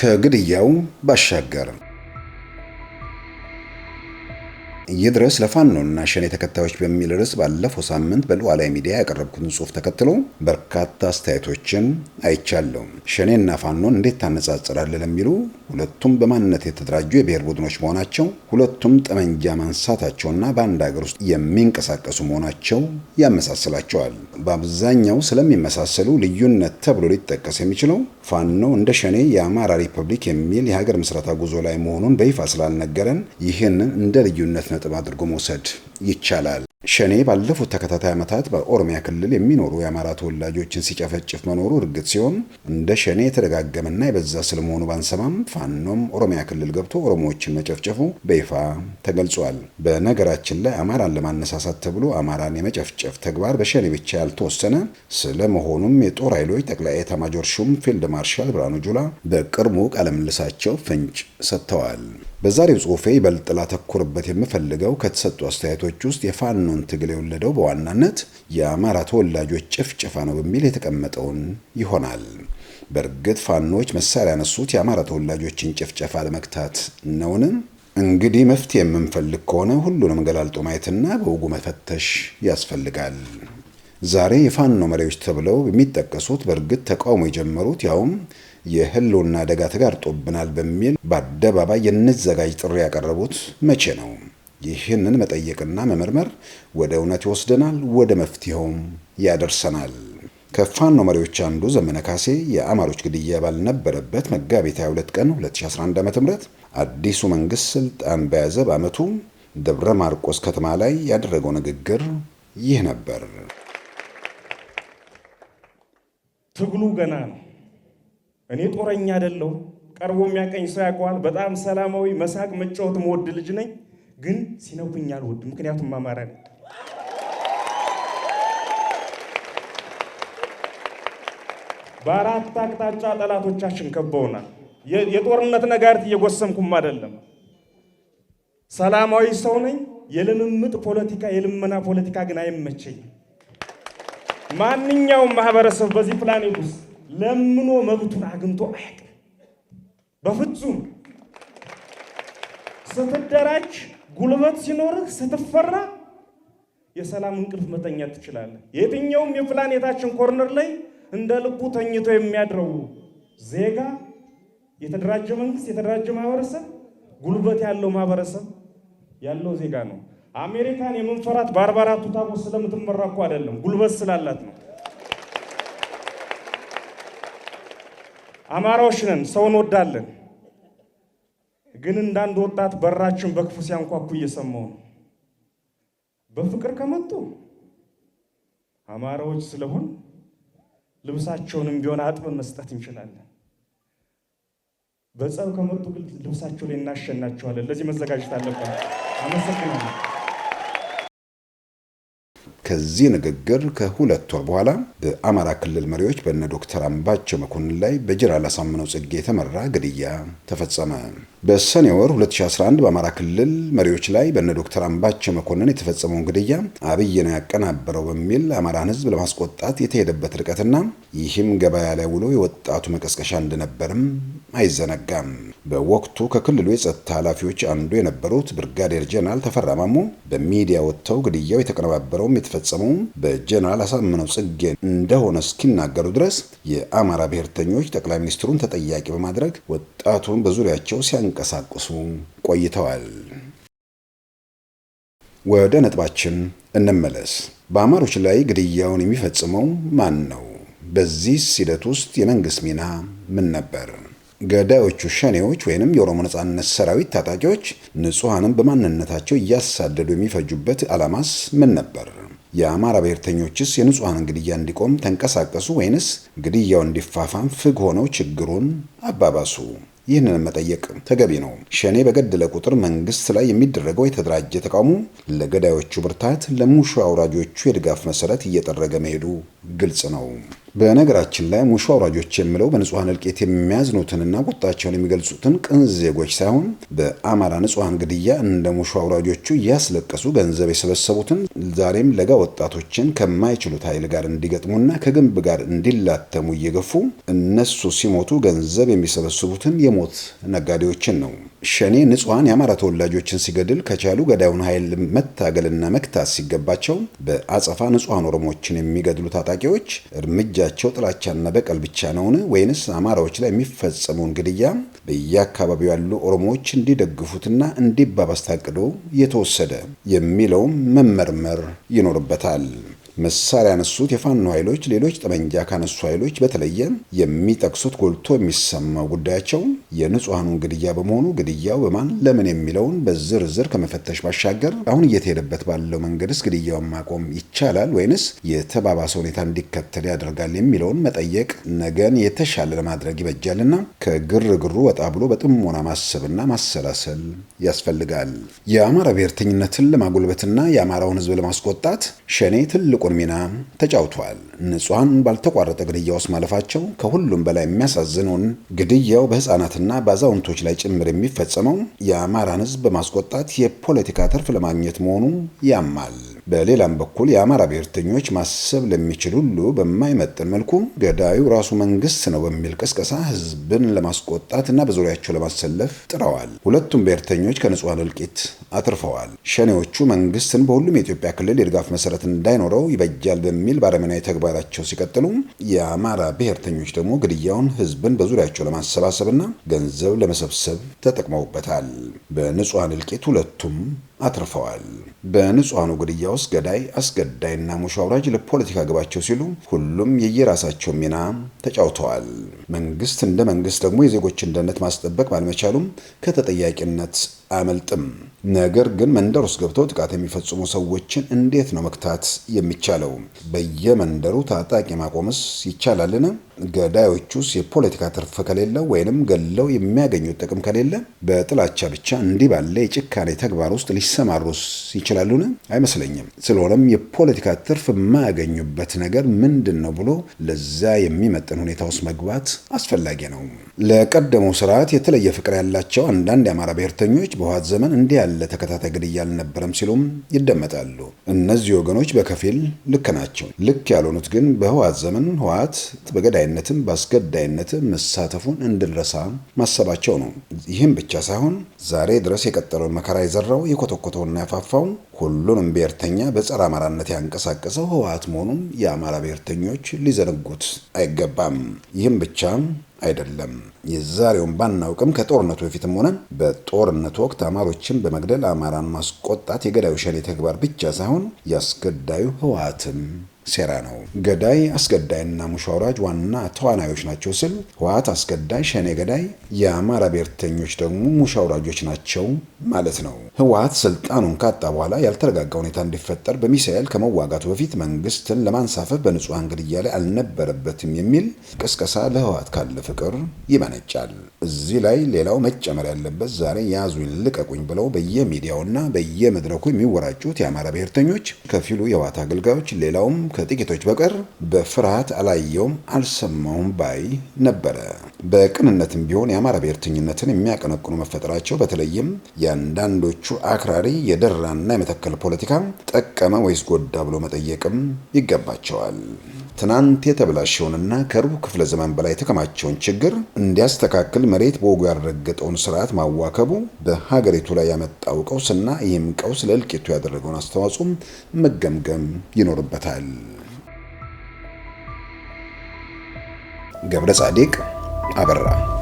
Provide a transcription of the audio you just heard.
ከግድያው ባሻገር ይድረስ ለፋኖና ሸኔ ተከታዮች በሚል ርዕስ ባለፈው ሳምንት በሉዓላዊ ሚዲያ ያቀረብኩትን ጽሑፍ ተከትሎ በርካታ አስተያየቶችን አይቻለሁ። ሸኔና ፋኖን እንዴት ታነጻጽራለህ ለሚሉ ሁለቱም በማንነት የተደራጁ የብሔር ቡድኖች መሆናቸው፣ ሁለቱም ጠመንጃ ማንሳታቸውና በአንድ ሀገር ውስጥ የሚንቀሳቀሱ መሆናቸው ያመሳስላቸዋል። በአብዛኛው ስለሚመሳሰሉ ልዩነት ተብሎ ሊጠቀስ የሚችለው ፋኖ እንደ ሸኔ የአማራ ሪፐብሊክ የሚል የሀገር ምስረታ ጉዞ ላይ መሆኑን በይፋ ስላልነገረን ይህንን እንደ ልዩነት ነጥብ አድርጎ መውሰድ ይቻላል። ሸኔ ባለፉት ተከታታይ ዓመታት በኦሮሚያ ክልል የሚኖሩ የአማራ ተወላጆችን ሲጨፈጭፍ መኖሩ እርግጥ ሲሆን እንደ ሸኔ የተደጋገመና የበዛ ስለመሆኑ ባንሰማም ፋኖም ኦሮሚያ ክልል ገብቶ ኦሮሞዎችን መጨፍጨፉ በይፋ ተገልጿል። በነገራችን ላይ አማራን ለማነሳሳት ተብሎ አማራን የመጨፍጨፍ ተግባር በሸኔ ብቻ ያልተወሰነ ስለመሆኑም የጦር ኃይሎች ጠቅላይ ኤታማጆር ሹም ፊልድ ማርሻል ብርሃኑ ጁላ በቅርቡ ቃለምልሳቸው ፍንጭ ሰጥተዋል። በዛሬው ጽሁፌ ይበልጥ ላተኩርበት የምፈልገው ከተሰጡ አስተያየቶች ውስጥ የፋኖን ትግል የወለደው በዋናነት የአማራ ተወላጆች ጭፍጭፋ ነው በሚል የተቀመጠውን ይሆናል። በእርግጥ ፋኖች መሳሪያ ያነሱት የአማራ ተወላጆችን ጭፍጨፋ ለመግታት ነውን? እንግዲህ መፍትሄ የምንፈልግ ከሆነ ሁሉንም ገላልጦ ማየትና በውጉ መፈተሽ ያስፈልጋል። ዛሬ የፋኖ መሪዎች ተብለው የሚጠቀሱት በእርግጥ ተቃውሞ የጀመሩት ያውም የህልውና አደጋ ተጋርጦብናል በሚል በአደባባይ የንዘጋጅ ጥሪ ያቀረቡት መቼ ነው? ይህንን መጠየቅና መመርመር ወደ እውነት ይወስደናል፣ ወደ መፍትሄውም ያደርሰናል። ከፋኖ መሪዎች አንዱ ዘመነ ካሴ የአማሮች ግድያ ባልነበረበት መጋቢት 22 ቀን 2011 ም አዲሱ መንግስት ስልጣን በያዘ በአመቱ ደብረ ማርቆስ ከተማ ላይ ያደረገው ንግግር ይህ ነበር። ትግሉ ገና ነው። እኔ ጦረኛ አይደለሁም። ቀርቦ የሚያቀኝ ሰው ያውቀዋል። በጣም ሰላማዊ መሳቅ፣ መጫወት መወድ ልጅ ነኝ። ግን ሲነኩኝ አልወድ፣ ምክንያቱም አማራ ነኝ። በአራት አቅጣጫ ጠላቶቻችን ከበውናል። የጦርነት ነጋሪት እየጎሰምኩም አይደለም። ሰላማዊ ሰው ነኝ። የልምምጥ ፖለቲካ፣ የልመና ፖለቲካ ግን አይመቸኝም። ማንኛውም ማህበረሰብ በዚህ ፕላኔት ውስጥ ለምኖ መብቱን አግኝቶ አያውቅም። በፍጹም ስትደራጅ፣ ጉልበት ሲኖርህ፣ ስትፈራ የሰላም እንቅልፍ መተኛት ትችላለህ። የትኛውም የፕላኔታችን ኮርነር ላይ እንደ ልቡ ተኝቶ የሚያድረው ዜጋ የተደራጀ መንግስት፣ የተደራጀ ማህበረሰብ፣ ጉልበት ያለው ማህበረሰብ ያለው ዜጋ ነው። አሜሪካን የምንፈራት ባርባራ ቱታቦስ ስለምትመራ እኮ አይደለም፣ ጉልበት ስላላት ነው። አማራዎች ነን፣ ሰው እንወዳለን። ግን እንዳንድ ወጣት በራችን በክፉ ሲያንኳኩ እየሰማው ነው። በፍቅር ከመጡ አማራዎች ስለሆን ልብሳቸውንም ቢሆን አጥበን መስጠት እንችላለን። በጸብ ከመጡ ግን ልብሳቸው ላይ እናሸናቸዋለን። ለዚህ መዘጋጀት አለብን። አመሰግናለሁ። ከዚህ ንግግር ከሁለት ወር በኋላ በአማራ ክልል መሪዎች በነ ዶክተር አምባቸው መኮንን ላይ በጀነራል አሳምነው ጽጌ የተመራ ግድያ ተፈጸመ። በሰኔ ወር 2011 በአማራ ክልል መሪዎች ላይ በነ ዶክተር አምባቸው መኮንን የተፈጸመውን ግድያ አብይ ነው ያቀናበረው በሚል አማራን ሕዝብ ለማስቆጣት የተሄደበት ርቀትና ይህም ገበያ ላይ ውሎ የወጣቱ መቀስቀሻ እንደነበርም አይዘነጋም። በወቅቱ ከክልሉ የጸጥታ ኃላፊዎች አንዱ የነበሩት ብርጋዴር ጀነራል ተፈራ ማሞ በሚዲያ ወጥተው ግድያው የተቀነባበረውም የተፈ የተፈጸመው በጀነራል አሳምነው ጽጌ እንደሆነ እስኪናገሩ ድረስ የአማራ ብሔርተኞች ጠቅላይ ሚኒስትሩን ተጠያቂ በማድረግ ወጣቱን በዙሪያቸው ሲያንቀሳቅሱ ቆይተዋል። ወደ ነጥባችን እንመለስ። በአማሮች ላይ ግድያውን የሚፈጽመው ማን ነው? በዚህ ሂደት ውስጥ የመንግስት ሚና ምን ነበር? ገዳዮቹ ሸኔዎች ወይንም የኦሮሞ ነጻነት ሰራዊት ታጣቂዎች ንጹሐንም በማንነታቸው እያሳደዱ የሚፈጁበት ዓላማስ ምን ነበር? የአማራ ብሔርተኞችስ የንጹሐንን ግድያ እንዲቆም ተንቀሳቀሱ ወይንስ ግድያው እንዲፋፋም ፍግ ሆነው ችግሩን አባባሱ? ይህንን መጠየቅ ተገቢ ነው። ሸኔ በገደለ ቁጥር መንግስት ላይ የሚደረገው የተደራጀ ተቃውሞ ለገዳዮቹ ብርታት፣ ለሙሾ አውራጆቹ የድጋፍ መሰረት እየጠረገ መሄዱ ግልጽ ነው። በነገራችን ላይ ሙሾ አውራጆች የምለው በንጹሐን እልቂት የሚያዝኑትንና ቁጣቸውን የሚገልጹትን ቅን ዜጎች ሳይሆን በአማራ ንጹሐን ግድያ እንደ ሙሾ አውራጆቹ እያስለቀሱ ገንዘብ የሰበሰቡትን ዛሬም ለጋ ወጣቶችን ከማይችሉት ኃይል ጋር እንዲገጥሙና ከግንብ ጋር እንዲላተሙ እየገፉ እነሱ ሲሞቱ ገንዘብ የሚሰበስቡትን የሞት ነጋዴዎችን ነው። ሸኔ ንጹሐን የአማራ ተወላጆችን ሲገድል ከቻሉ ገዳዩን ኃይል መታገልና መክታት ሲገባቸው በአጸፋ ንጹሐን ኦሮሞችን የሚገድሉ ታጣቂዎች እርምጃ እርምጃቸው ጥላቻና በቀል ብቻ ነውን? ወይንስ አማራዎች ላይ የሚፈጸመውን ግድያ በየአካባቢው ያሉ ኦሮሞዎች እንዲደግፉትና እንዲባባስ ታቅዶ የተወሰደ የሚለውም መመርመር ይኖርበታል። መሳሪያ ያነሱት የፋኖ ኃይሎች ሌሎች ጠመንጃ ካነሱ ኃይሎች በተለየ የሚጠቅሱት ጎልቶ የሚሰማው ጉዳያቸው የንጹሐኑን ግድያ በመሆኑ ግድያው በማን ለምን የሚለውን በዝርዝር ከመፈተሽ ባሻገር አሁን እየተሄደበት ባለው መንገድስ ግድያውን ማቆም ይቻላል ወይንስ የተባባሰ ሁኔታ እንዲከተል ያደርጋል የሚለውን መጠየቅ ነገን የተሻለ ለማድረግ ይበጃልና ከግርግሩ ወጣ ብሎ በጥሞና ማሰብና ማሰላሰል ያስፈልጋል። የአማራ ብሔርተኝነትን ለማጎልበትና የአማራውን ህዝብ ለማስቆጣት ሸኔ ትልቁ የታላቁን ሚና ተጫውቷል። ንጹሐን ባልተቋረጠ ግድያ ውስጥ ማለፋቸው ከሁሉም በላይ የሚያሳዝነውን ግድያው በህፃናትና በአዛውንቶች ላይ ጭምር የሚፈጸመው የአማራን ህዝብ በማስቆጣት የፖለቲካ ትርፍ ለማግኘት መሆኑ ያማል። በሌላም በኩል የአማራ ብሔርተኞች ማሰብ ለሚችል ሁሉ በማይመጥን መልኩ ገዳዩ ራሱ መንግስት ነው በሚል ቅስቀሳ ህዝብን ለማስቆጣት እና በዙሪያቸው ለማሰለፍ ጥረዋል። ሁለቱም ብሔርተኞች ከንጹሐን እልቂት አትርፈዋል። ሸኔዎቹ መንግስትን በሁሉም የኢትዮጵያ ክልል የድጋፍ መሰረት እንዳይኖረው ይበጃል በሚል ባረመናዊ ተግባራቸው ሲቀጥሉ፣ የአማራ ብሔርተኞች ደግሞ ግድያውን ህዝብን በዙሪያቸው ለማሰባሰብ ገንዘብ ለመሰብሰብ ተጠቅመውበታል። በንጹሐን እልቂት ሁለቱም አትርፈዋል። በንጹሐኑ ግድያ ውስጥ ገዳይ፣ አስገዳይና ሙሽ አውራጅ ለፖለቲካ ግባቸው ሲሉ ሁሉም የየራሳቸው ሚና ተጫውተዋል። መንግስት እንደ መንግስት ደግሞ የዜጎችን ደህንነት ማስጠበቅ ባለመቻሉም ከተጠያቂነት አያመልጥም። ነገር ግን መንደር ውስጥ ገብተው ጥቃት የሚፈጽሙ ሰዎችን እንዴት ነው መክታት የሚቻለው? በየመንደሩ ታጣቂ ማቆምስ ይቻላልን? ገዳዮቹስ የፖለቲካ ትርፍ ከሌለ ወይንም ገለው የሚያገኙት ጥቅም ከሌለ በጥላቻ ብቻ እንዲህ ባለ የጭካኔ ተግባር ውስጥ ሊሰማሩስ ይችላሉን? አይመስለኝም። ስለሆነም የፖለቲካ ትርፍ የማያገኙበት ነገር ምንድን ነው ብሎ ለዛ የሚመጥን ሁኔታ ውስጥ መግባት አስፈላጊ ነው። ለቀደመው ስርዓት የተለየ ፍቅር ያላቸው አንዳንድ የአማራ ብሔርተኞች በህወሓት ዘመን እንዲህ ያለ ተከታታይ ግድያ አልነበረም ሲሉም ይደመጣሉ። እነዚህ ወገኖች በከፊል ልክ ናቸው። ልክ ያልሆኑት ግን በህወሓት ዘመን ህወሓት በገዳይነትም በአስገዳይነትም መሳተፉን እንድንረሳ ማሰባቸው ነው። ይህም ብቻ ሳይሆን ዛሬ ድረስ የቀጠለውን መከራ የዘራው የኮተኮተውና ያፋፋው ሁሉንም ብሔርተኛ በጸረ አማራነት ያንቀሳቀሰው ህወሓት መሆኑም የአማራ ብሔርተኞች ሊዘነጉት አይገባም። ይህም ብቻ አይደለም። የዛሬውን ባናውቅም ከጦርነቱ በፊትም ሆነ በጦርነቱ ወቅት አማሮችን በመግደል አማራን ማስቆጣት የገዳዩ ሸኔ ተግባር ብቻ ሳይሆን ያስገዳዩ ህወሓትም ሴራ ነው። ገዳይ አስገዳይና ሙሻራጅ አውራጅ ዋና ተዋናዮች ናቸው ስል ህወሓት አስገዳይ፣ ሸኔ ገዳይ፣ የአማራ ብሔርተኞች ደግሞ ሙሻራጆች አውራጆች ናቸው ማለት ነው። ህወሓት ስልጣኑን ካጣ በኋላ ያልተረጋጋ ሁኔታ እንዲፈጠር በሚሳኤል ከመዋጋቱ በፊት መንግስትን ለማንሳፈፍ በንጹሐን ግድያ ላይ አልነበረበትም የሚል ቅስቀሳ ለህወሓት ካለ ፍቅር ይመነጫል። እዚህ ላይ ሌላው መጨመር ያለበት ዛሬ ያዙኝ ልቀቁኝ ብለው በየሚዲያውና በየመድረኩ የሚወራጩት የአማራ ብሔርተኞች፣ ከፊሉ የህወሓት አገልጋዮች፣ ሌላውም ከጥቂቶች በቀር በፍርሃት አላየውም አልሰማውም ባይ ነበረ። በቅንነትም ቢሆን የአማራ ብሔርተኝነትን የሚያቀነቅኑ መፈጠራቸው በተለይም የአንዳንዶቹ አክራሪ የደራና የመተከል ፖለቲካ ጠቀመ ወይስ ጎዳ ብሎ መጠየቅም ይገባቸዋል። ትናንት የተበላሸውንና ከሩብ ክፍለ ዘመን በላይ የተከማቸውን ችግር እንዲያስተካክል መሬት በወጉ ያረገጠውን ስርዓት ማዋከቡ በሀገሪቱ ላይ ያመጣው ቀውስና ይህም ቀውስ ለእልቂቱ ያደረገውን አስተዋጽኦም መገምገም ይኖርበታል። ገብረ ጻዲቅ አበራ